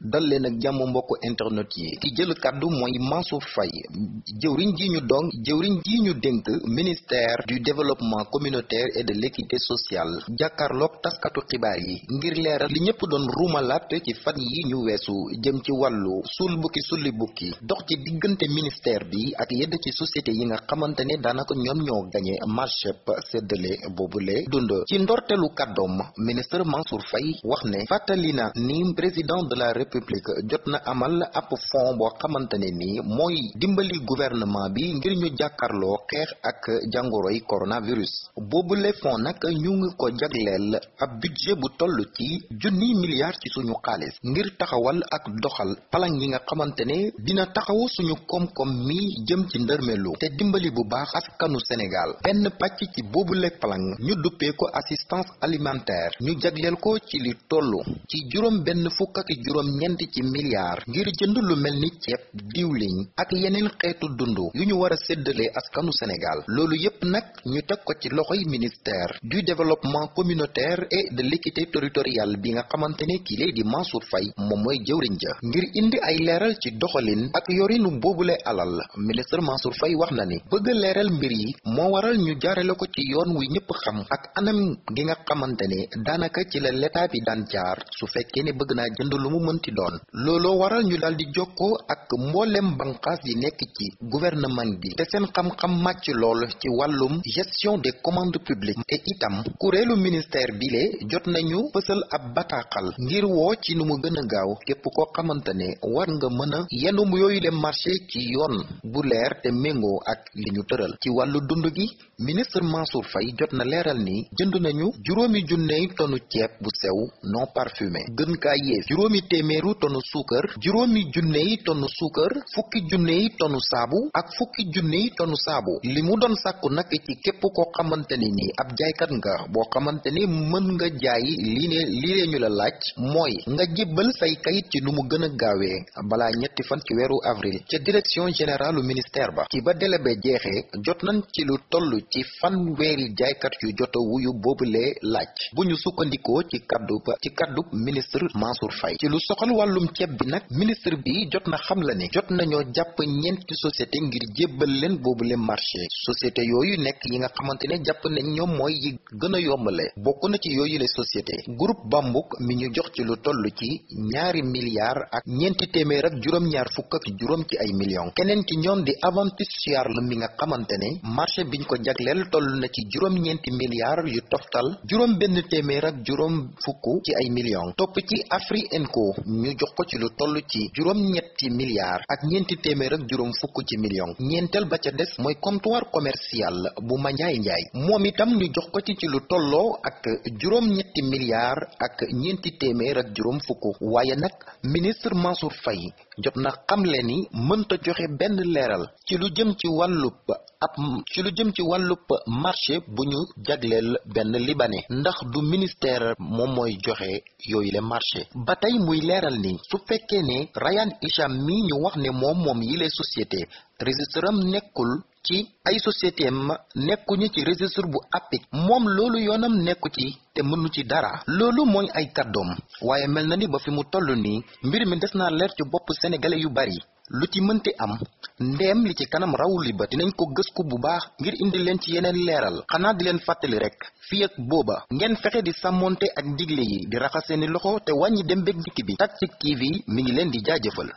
dal leen ak jàmm mbokk internet yi ki jël kàddu mooy Mansour Faye jëwriñ ji ñu dong jëwriñ ji ñu dénk ministère du développement communautaire et de l'équité sociale jàkkaarloog taskatu xibaar yi ngir leeral li ñëpp doon ruumalaat ci fan yi ñu weesu jëm ci wàllu suul bukki sulli bukki dox ci diggante ministère bi ak yedd ci société yi nga xamante ne daanaka ñoom ñoo gañe marché séddale boobule dund ci ndortelu kàddoom ministre Mansour fay wax ne fàttali na ni président de la république jot na amal ab fond boo xamante ne nii mooy dimbali gouvernement bi ngir ñu jàkkarloo xeex ak jàngoroy coronavirus boobu fond nag ñu ngi ko jagleel ab budget bu toll ci junni milliards ci suñu xaalis ngir taxawal ak doxal palang yi nga xamante ne dina taxaw suñu koom-koom mi jëm ci ndërmelu te dimbali bu baax askanu Sénégal benn pàcc ci boobule palang ñu duppee ko assistance alimentaire ñu jagleel ko ci li toll ci juróom benn fukk ak juróom ñeent ci milliards ngir jënd lu mel ni ceeb diwliñ ak yeneen xeetu dund yu ñu war a séddalee askanu Sénégal loolu yépp nag ñu teg ko ci loxoy ministère du développement communautaire et de l'équité territoriale bi nga xamante ne kii lay di Mansour Faye moom mooy jëwriñ ja ngir indi ay leeral ci doxalin ak yorinu boobule alal ministre Mansour Faye wax na ni bëgg leeral mbir yi moo waral ñu jaarale ko ci yoon wi ñëpp xam ak anam gi nga xamante ne daanaka ci la l'état bi daan jaar ci looloo waral ñu daal di jokkoo ak mboolem banqaas yi nekk ci gouvernement bi te seen xam-xam màcc lool ci wàllum gestion des commandes publiques et itam kuréelu ministère bile jot nañu fësal ab bataaxal ngir woo ci nu mu gën gaaw képp koo xamante ne war nga mën a yenum yooyu le marché ci yoon bu leer te méngoo ak li ñu tëral ci wàllu dund gi ministre Mansour fay jot na leeral ni jënd nañu juróomi junney tonu ceeb bu sew non parfumé gën kaa juróomi téeméer téeméeru tonu suukar juróomi junney tonu suukar fukki junney tonu saabu ak fukki junney tonu saabu li mu doon sàkku nag ci képp koo xamante ne ni ab jaaykat nga boo xamante ni mën nga jaay lii ne ñu la laaj mooy nga jébbal say kayit ci nu mu gën a gaawee balaa ñetti fan ci weeru avril ca direction générale ministère ba ci ba délai ba jeexee jot nañ ci lu toll ci fan fanweeri jaaykat yu jota wuyu boobulee laaj bu ñu sukkandikoo ci kaddu ci kaddu ministre Mansour Faye ci lu soxal wàllum ceeb bi nag ministre bi jot na xam la ni jot nañoo jàpp ñeenti société ngir jébbal leen boobu leen marché société yooyu nekk yi nga xamante ne jàpp nañ ñoom mooy yi gën a yombale bokk na ci yooyu le société groupe Bambouk mi ñu jox ci lu toll ci ñaari milliards ak ñeenti téeméer ak juróom-ñaar fukk ak juróom ci ay million keneen ci ñoom di Aventus Charles mi nga xamante ne marché biñ ko jagleel toll na ci juróom-ñeenti yu toftal juróom benn téeméer ak juróom fukk ci ay millions topp ci Afri Enco ñu jox ko ci lu toll ci juróom-ñetti ak ñeenti téeméer ak juróom fukk ci million ñeenteel ba ca des mooy comptoir commercial bu ma njaay njaay moom itam ñu jox ko ci ci lu tolloo ak juróom-ñetti ak ñeenti téeméer ak juróom fukk waaye nag ministre Mansour Faye jot na xamle ni mënta joxe benn leeral ci lu jëm ci wàllub ab lu jëm ci wàllub marché bu ñu jagleel benn libanais ndax du ministère moom mooy joxe yooyu le marché ba tey muy leer leeral ni su fekkee ne Ryan Isham mii ñu wax ne moom moom yile société registre am nekkul ci ay société am nekkuñu ci registre bu APIX moom loolu yoonam nekku ci te mënu ci dara loolu mooy ay kàddoom waaye mel na ni ba fi mu toll nii mbir mi des naa leer ci bopp sénégalais yu bari lu ci mënti am ndéem li ci kanam rawul li ba dinañ ko gës gëstu bu baax ngir indi leen ci yeneen leeral xanaa di leen fàttali rek fii ak booba ngeen fexe di sàmmonte ak digle yi di raxas seeni loxo te wàññi dem beeg dikk bi kii bi mi ngi leen di jaajëfal.